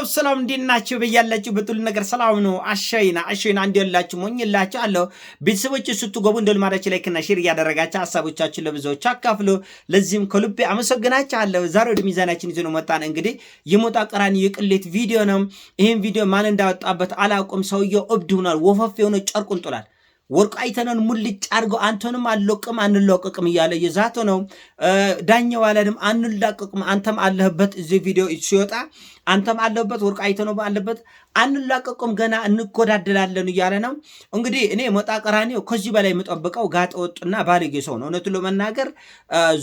ያዕቆብ ሰላም እንዴት በያላችሁ በጥሉ ነገር ሰላም ነው። አሸይና አሸይና እንዲላችሁ ሞኝላችሁ አለሁ። ቤተሰቦች ስትገቡ እንደ ልማዳችሁ ላይክና ሼር እያደረጋችሁ ሀሳቦቻችሁ ለብዙዎች አካፍሉ። ለዚህም ከልቤ አመሰግናችኋለሁ። ዛሬ ወደ ሚዛናችን ይዘን መጣን። እንግዲህ የሞጣ ቀራን የቅሌት ቪዲዮ ነው። ይህም ቪዲዮ ማን እንዳወጣበት አላውቅም። ሰውየው እብድ ሆኗል። ወፈፍ የሆነ ጨርቁን ጥሏል። ወርቁ አይተነን ሙልጭ አድርገው አንተንም አልለቅም አንለቅቅም እያለ የዛተ ነው። ዳኛው አላለም አንላቅቅም፣ አንተም አለህበት። እዚህ ቪዲዮ ሲወጣ አንተም አለህበት፣ ወርቁ አይተነው ባለበት አንላቅቅም፣ ገና እንጎዳደላለን እያለ ነው። እንግዲህ እኔ ሞጣ ቀራኔው ከዚህ በላይ የምጠብቀው ጋጠ ወጥና ባለጌ ሰው ነው። እውነቱን ለመናገር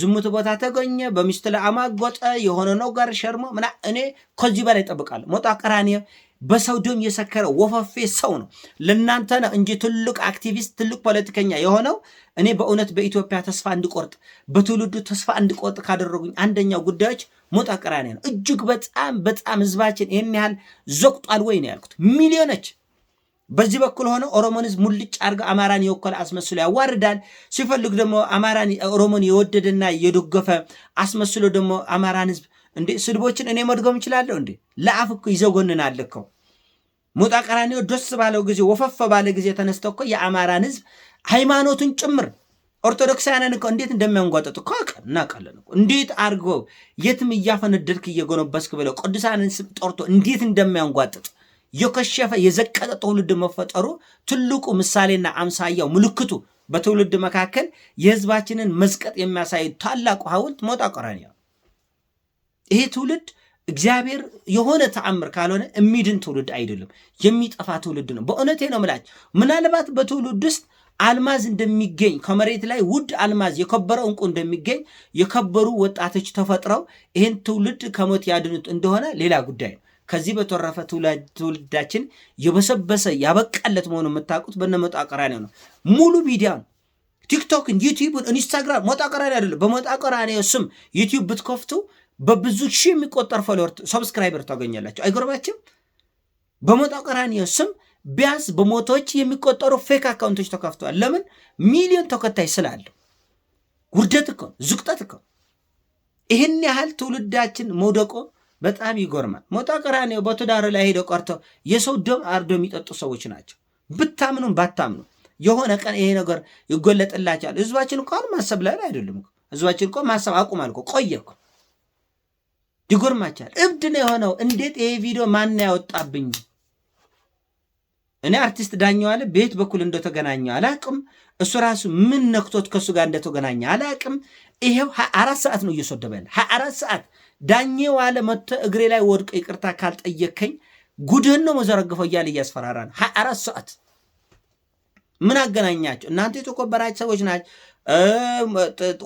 ዝሙት ቦታ ተገኘ፣ በሚስት ላይ አማጎጠ፣ የሆነ ነው ጋር ሸርሞ ምና እኔ ከዚህ በላይ እጠብቃለሁ ሞጣ ቀራኔው በሰው ደም የሰከረ ወፈፌ ሰው ነው። ለእናንተ ነው እንጂ ትልቅ አክቲቪስት ትልቅ ፖለቲከኛ የሆነው። እኔ በእውነት በኢትዮጵያ ተስፋ እንድቆርጥ በትውልዱ ተስፋ እንድቆርጥ ካደረጉኝ አንደኛው ጉዳዮች ሞጣ ቀራኔ ነው። እጅግ በጣም በጣም ህዝባችን ይህን ያህል ዘቅጧል ወይ ነው ያልኩት። ሚሊዮኖች በዚህ በኩል ሆነ ኦሮሞን ህዝብ ሙልጭ አድርገው አማራን የወከለ አስመስሎ ያዋርዳል። ሲፈልግ ደግሞ አማራን ኦሮሞን የወደደና የደገፈ አስመስሎ ደግሞ አማራን ህዝብ እንዴ ስድቦችን እኔ መድጎም እችላለሁ እንዴ? ለአፍ እኮ ይዘጎንናል እኮ ሞጣ ቀራኒዮ ደስ ባለው ጊዜ ወፈፈ ባለ ጊዜ ተነስተው እኮ የአማራን ህዝብ ሃይማኖቱን ጭምር ኦርቶዶክሳውያንን እኮ እንዴት እንደሚያንጓጠጡ እኮ እናውቃለን። እንዴት አድርጎ የትም እያፈነደድክ እየጎነበስክ ብለው ቅዱሳንን ስም ጠርቶ እንዴት እንደሚያንጓጥጥ የከሸፈ የዘቀጠ ትውልድ መፈጠሩ ትልቁ ምሳሌና አምሳያው ምልክቱ በትውልድ መካከል የህዝባችንን መዝቀጥ የሚያሳይ ታላቁ ሐውልት ሞጣ ቀራኒዮ። ይሄ ትውልድ እግዚአብሔር የሆነ ተአምር ካልሆነ የሚድን ትውልድ አይደለም፣ የሚጠፋ ትውልድ ነው። በእውነቴ ነው ምላች። ምናልባት በትውልድ ውስጥ አልማዝ እንደሚገኝ ከመሬት ላይ ውድ አልማዝ የከበረ እንቁ እንደሚገኝ የከበሩ ወጣቶች ተፈጥረው ይህን ትውልድ ከሞት ያድኑት እንደሆነ ሌላ ጉዳይ ነው። ከዚህ በተረፈ ትውልዳችን የበሰበሰ ያበቃለት መሆኑ የምታውቁት በነ መጣ ቀራንዮ ነው። ሙሉ ሚዲያ ቲክቶክን፣ ዩቲዩብን፣ ኢንስታግራም መጣ ቀራንዮ አይደለም። በመጣ ቀራንዮ ስም ዩቲዩብ ብትከፍቱ በብዙ ሺህ የሚቆጠር ፎሎወር ሰብስክራይበር ታገኛላችሁ። አይጎርማችም? በሞጣ ቀራንዮ ስም ቢያንስ በሞቶዎች የሚቆጠሩ ፌክ አካውንቶች ተከፍተዋል። ለምን? ሚሊዮን ተከታይ ስላለው። ውርደት እኮ ዝቅጠት እኮ ይህን ያህል ትውልዳችን መውደቆ በጣም ይጎርማል። ሞጣ ቀራንዮ በትዳር ላይ ሄደው ቀርቶ የሰው ደም አርዶ የሚጠጡ ሰዎች ናቸው። ብታምኑም ባታምኑ የሆነ ቀን ይሄ ነገር ይጎለጥላቸዋል። ህዝባችን እኮ አሁን ማሰብ ላይ አይደሉም። ህዝባችን እኮ ማሰብ አቁማል። ቆየ እኮ ይጎርማቻል። እብድ ነው የሆነው። እንዴት ይሄ ቪዲዮ ማን ያወጣብኝ? እኔ አርቲስት ዳኘው አለ በየት በኩል እንደተገናኘ አላቅም። እሱ ራሱ ምን ነክቶት ከእሱ ጋር እንደተገናኘ አላቅም። ይሄው አራት ሰዓት ነው እየሰደበ ያለ አራት ሰዓት ዳኘው አለ መጥቶ እግሬ ላይ ወድቆ ይቅርታ ካልጠየከኝ ጉድህን ነው መዘረግፈው እያለ እያስፈራራ ነው ሀያ አራት ሰዓት ምን አገናኛቸው? እናንተ የተከበራችሁ ሰዎች ናቸው።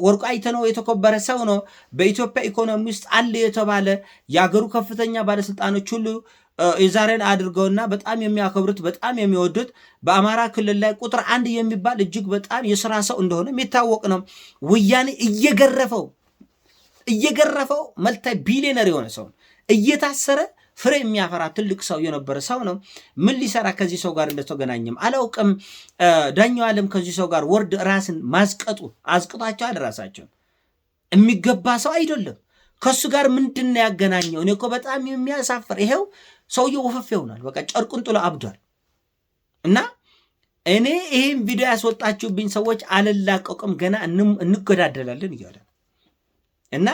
ወርቁ ነው የተከበረ ሰው ነው። በኢትዮጵያ ኢኮኖሚ ውስጥ አለ የተባለ የሀገሩ ከፍተኛ ባለስልጣኖች ሁሉ የዛሬን አድርገውና በጣም የሚያከብሩት በጣም የሚወዱት በአማራ ክልል ላይ ቁጥር አንድ የሚባል እጅግ በጣም የስራ ሰው እንደሆነ የሚታወቅ ነው። ወያኔ እየገረፈው እየገረፈው መልታይ ቢሊዮነር የሆነ ሰው እየታሰረ ፍሬ የሚያፈራ ትልቅ ሰው የነበረ ሰው ነው። ምን ሊሰራ ከዚህ ሰው ጋር እንደተገናኘም አላውቅም። ዳኛው ዓለም ከዚህ ሰው ጋር ወርድ ራስን ማስቀጡ አስቅጧቸዋል። ራሳቸውን የሚገባ ሰው አይደለም። ከሱ ጋር ምንድን ነው ያገናኘው? እኔ እኮ በጣም የሚያሳፍር ይሄው ሰውየው ወፈፍ ይሆናል። በቃ ጨርቁን ጥሎ አብዷል። እና እኔ ይህም ቪዲዮ ያስወጣችሁብኝ ሰዎች አልላቀቅም፣ ገና እንገዳደላለን እያለ እና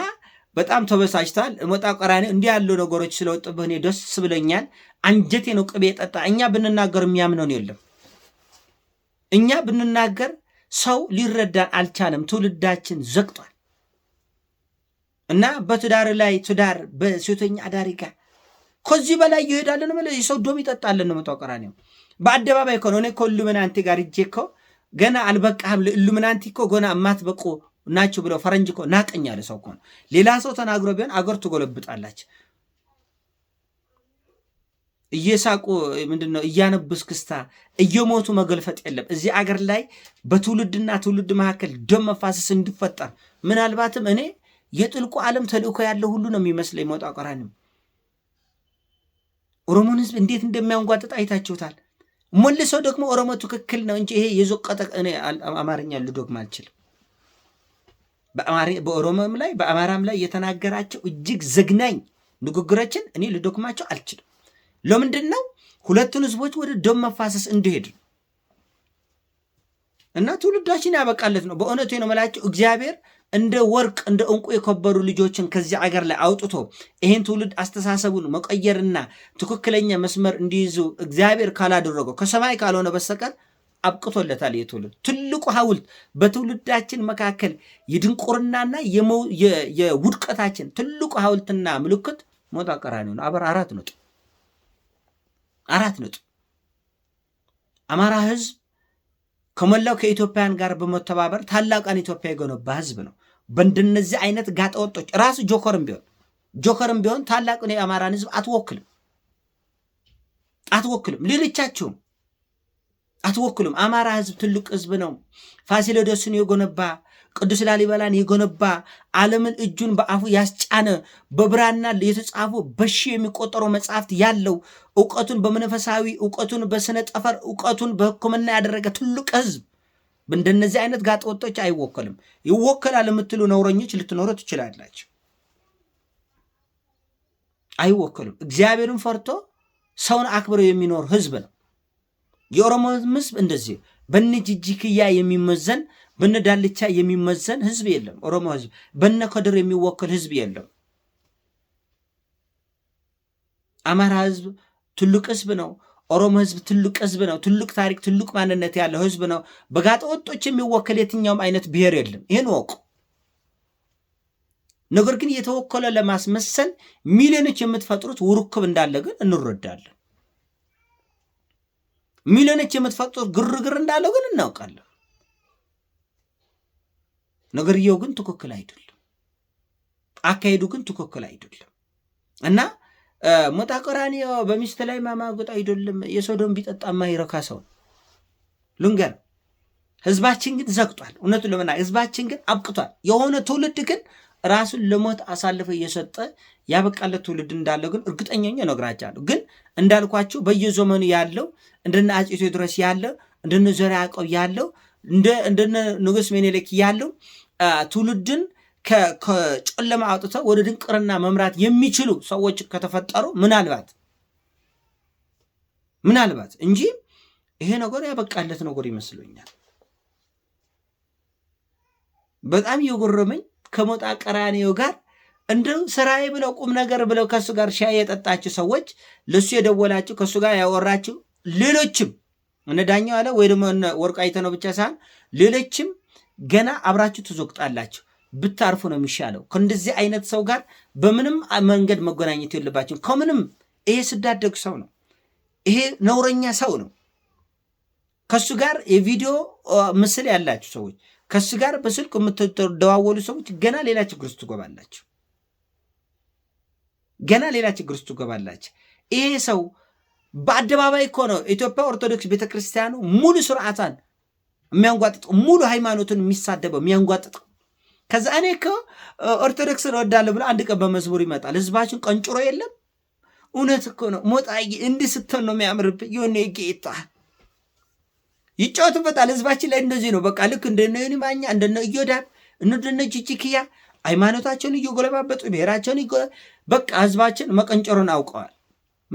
በጣም ተበሳጭታል። ሞጣ ቀራኔ እንዲህ ያለው ነገሮች ስለወጡብህ እኔ ደስ ብለኛል። አንጀቴ ነው ቅቤ ጠጣ። እኛ ብንናገር የሚያምነውን የለም። እኛ ብንናገር ሰው ሊረዳን አልቻለም። ትውልዳችን ዘግቷል እና በትዳር ላይ ትዳር በሴተኛ አዳሪ ጋር ከዚህ በላይ ይሄዳለን ማለት የሰው ዶም ይጠጣለን ነው። ሞጣ ቀራኒ በአደባባይ ከሆነ እኔ ከኢሉሚናንቲ ጋር እጄ እኮ ገና አልበቃህም። ለኢሉሚናንቲ እኮ ገና እማትበቁ ናችሁ ብለው ፈረንጅ እኮ ናቀኝ ያለ ሰው እኮ ነው። ሌላ ሰው ተናግሮ ቢሆን አገር ትጎለብጣላች። እየሳቁ ምንድነው እያነብስ ክስታ እየሞቱ መገልፈጥ የለም። እዚህ አገር ላይ በትውልድና ትውልድ መካከል ደም መፋሰስ እንዲፈጠር ምናልባትም እኔ የጥልቁ ዓለም ተልእኮ ያለው ሁሉ ነው የሚመስለኝ። ሞጣ ቀራንም ኦሮሞን ህዝብ እንዴት እንደሚያንጓጥጥ አይታችሁታል። ሞልሰው ደግሞ ኦሮሞ ትክክል ነው እንጂ ይሄ የዞቀጠ እኔ አማርኛ ልዶግም አልችልም። በኦሮሞም ላይ በአማራም ላይ የተናገራቸው እጅግ ዘግናኝ ንግግሮችን እኔ ልደክማቸው አልችልም። ለምንድን ነው ሁለቱን ህዝቦች ወደ ደም መፋሰስ እንዲሄድ ነው እና ትውልዳችን ያበቃለት ነው። በእውነቱ ነው መላቸው እግዚአብሔር እንደ ወርቅ እንደ እንቁ የከበሩ ልጆችን ከዚህ አገር ላይ አውጥቶ ይህን ትውልድ አስተሳሰቡን መቀየርና ትክክለኛ መስመር እንዲይዙ እግዚአብሔር ካላደረገው ከሰማይ ካልሆነ በስተቀር አብቅቶለታል። የትውልድ ትልቁ ሐውልት በትውልዳችን መካከል የድንቁርናና የውድቀታችን ትልቁ ሐውልትና ምልክት ሞት ቀራንዮ ነው። አበር አራት ነጥብ አራት ነጥብ አማራ ህዝብ ከሞላው ከኢትዮጵያን ጋር በመተባበር ታላቋን ኢትዮጵያ የገነባ ህዝብ ነው። በእንደነዚህ አይነት ጋጠወጦች ራሱ ጆከርም ቢሆን ጆከርም ቢሆን ታላቁን የአማራን ህዝብ አትወክልም አትወክልም ሌሎቻችሁም አትወክሉም። አማራ ህዝብ ትልቅ ህዝብ ነው። ፋሲለደስን የጎነባ ቅዱስ ላሊበላን የጎነባ ዓለምን እጁን በአፉ ያስጫነ በብራና የተጻፉ በሺ የሚቆጠሩ መጽሐፍት ያለው እውቀቱን በመንፈሳዊ እውቀቱን በስነ ጠፈር እውቀቱን በሕክምና ያደረገ ትልቅ ህዝብ እንደነዚህ አይነት ጋጠወጦች አይወከልም። ይወከላል የምትሉ ነውረኞች ልትኖሩ ትችላላችሁ። አይወከሉም። እግዚአብሔርን ፈርቶ ሰውን አክብረው የሚኖር ህዝብ ነው። የኦሮሞ ህዝብ እንደዚህ በነ ጅጅክያ የሚመዘን በነ ዳልቻ የሚመዘን ህዝብ የለም። ኦሮሞ ህዝብ በነ ከድር የሚወክል ህዝብ የለም። አማራ ህዝብ ትልቅ ህዝብ ነው። ኦሮሞ ህዝብ ትልቅ ህዝብ ነው። ትልቅ ታሪክ፣ ትልቅ ማንነት ያለው ህዝብ ነው። በጋጠ ወጦች የሚወክል የትኛውም አይነት ብሔር የለም። ይህን ወቁ። ነገር ግን እየተወከለ ለማስመሰል ሚሊዮኖች የምትፈጥሩት ውርክብ እንዳለ ግን እንረዳለን። ሚሊዮኖች የምትፈጥሩት ግርግር እንዳለው ግን እናውቃለን። ነገርየው ግን ትክክል አይደለም። አካሄዱ ግን ትክክል አይደለም እና ሞጣ ቀራንዮ በሚስት ላይ ማማጎጥ አይደለም። የሰው ቢጠጣ ማይረካ ሰው ልንገር። ህዝባችን ግን ዘግቷል። እውነቱ ለምና ህዝባችን ግን አብቅቷል። የሆነ ትውልድ ግን ራሱን ለሞት አሳልፎ እየሰጠ ያበቃለት ትውልድ እንዳለው ግን እርግጠኛ እነግራችኋለሁ። ግን እንዳልኳቸው በየዘመኑ ያለው እንደነ አፄ ቴዎድሮስ ያለው እንደነ ዘርዓ ያዕቆብ ያለው እንደነ ንጉስ ሜኔሌክ ያለው ትውልድን ከጨለማ አውጥተው ወደ ድንቅርና መምራት የሚችሉ ሰዎች ከተፈጠሩ ምናልባት ምናልባት እንጂ ይሄ ነገር ያበቃለት ነገር ይመስለኛል። በጣም እየጎረመኝ ከሞጣ ቀራኒዮ ጋር እንደው ስራዬ ብለው ቁም ነገር ብለው ከእሱ ጋር ሻይ የጠጣችሁ ሰዎች ለእሱ የደወላችሁ ከእሱ ጋር ያወራችሁ ሌሎችም እነ ዳኛው አለ ወይ ደግሞ ወርቁ ነው ብቻ ሳይሆን ሌሎችም ገና አብራችሁ ትዞቅጣላችሁ። ብታርፉ ነው የሚሻለው። ከእንደዚህ አይነት ሰው ጋር በምንም መንገድ መጎናኘት የለባችሁም። ከምንም ይሄ ስዳደግ ሰው ነው። ይሄ ነውረኛ ሰው ነው። ከእሱ ጋር የቪዲዮ ምስል ያላችሁ ሰዎች ከእሱ ጋር በስልኩ የምትደዋወሉ ሰዎች ገና ሌላ ችግር ውስጥ ትገባላችሁ። ገና ሌላ ችግር ውስጥ ትገባላችሁ። ይሄ ሰው በአደባባይ እኮ ነው ኢትዮጵያ ኦርቶዶክስ ቤተክርስቲያኑ ሙሉ ስርዓቷን የሚያንጓጥጠው፣ ሙሉ ሃይማኖቱን የሚሳደበው የሚያንጓጥጠው። ከዛ እኔ ከኦርቶዶክስን እወዳለሁ ብሎ አንድ ቀን በመዝሙር ይመጣል። ህዝባችን ቀንጭሮ የለም። እውነት እኮ ነው ሞጣ እንዲህ ስትሆን ነው የሚያምርብ የሆነ ጌታ ይጫወቱበታል። ህዝባችን ላይ እንደዚህ ነው። በቃ ልክ እንደነ ዮኒ ማኛ እንደነ እዮዳብ እንደነ ጅጅኪያ ሃይማኖታቸውን እየጎለባበጡ ብሔራቸውን በቃ ህዝባችን መቀንጨሩን አውቀዋል።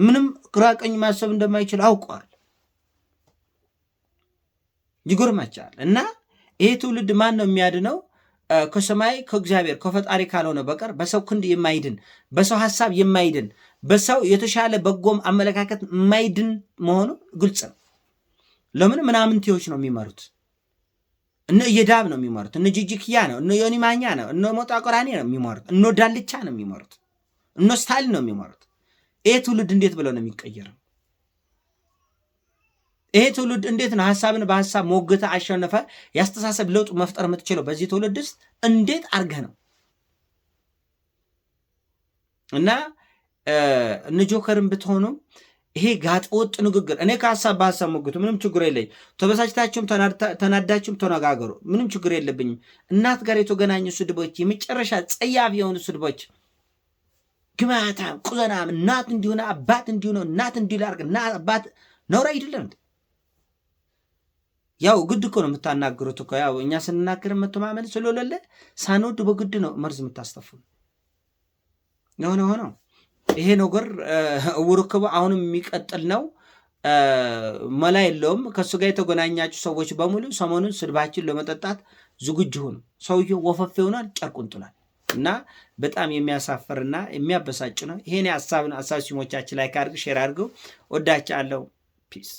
ምንም ግራ ቀኝ ማሰብ እንደማይችል አውቀዋል። ይጎርማቸዋል። እና ይሄ ትውልድ ማን ነው የሚያድነው? ከሰማይ ከእግዚአብሔር ከፈጣሪ ካልሆነ በቀር በሰው ክንድ የማይድን በሰው ሀሳብ የማይድን በሰው የተሻለ በጎም አመለካከት የማይድን መሆኑ ግልጽ ነው። ለምን ምናምንቴዎች ነው የሚመሩት? እነ እየዳብ ነው የሚመሩት። እነ ጅጅክያ ነው፣ እነ ዮኒ ማኛ ነው፣ እነ ሞጣ ቆራኔ ነው የሚመሩት። እነ ዳልቻ ነው የሚመሩት። እነ ስታሊን ነው የሚመሩት። ይሄ ትውልድ እንዴት ብለው ነው የሚቀየረው? ይሄ ትውልድ እንዴት ነው ሀሳብን በሀሳብ ሞግተ አሸነፈ ያስተሳሰብ ለውጥ መፍጠር የምትችለው? በዚህ ትውልድ ውስጥ እንዴት አድርገህ ነው እና እነ ጆከርን ይሄ ጋጠወጥ ንግግር እኔ ከሀሳብ በሀሳብ ሞግቱ ምንም ችግር የለኝ። ተበሳጭታችሁም ተናዳችሁም ተነጋገሩ፣ ምንም ችግር የለብኝም። እናት ጋር የተገናኙ ስድቦች፣ የመጨረሻ ጸያፍ የሆኑ ስድቦች፣ ግማታም፣ ቁዘናም፣ እናት እንዲሆነ አባት እንዲሆነ እናት እንዲላርግ እና አባት ነውር አይደለም። ያው ግድ እኮ ነው የምታናግሩት እኮ ያው እኛ ስንናገር መተማመን ስለሌለ ሳንወድ በግድ ነው መርዝ የምታስተፉ የሆነ ሆነው ይሄ ነገር ውርክቡ አሁንም የሚቀጥል ነው። መላ የለውም። ከእሱ ጋር የተገናኛችሁ ሰዎች በሙሉ ሰሞኑን ስድባችን ለመጠጣት ዝግጁ ሁኑ። ሰውየው ወፈፌ ሆኗል፣ ጨርቁን ጥሏል እና በጣም የሚያሳፍርና የሚያበሳጭ ነው። ይሄን ሀሳብን አሳብ ሲሞቻችን ላይ ካድርግ ሼር አድርገው ወዳች አለው ፒስ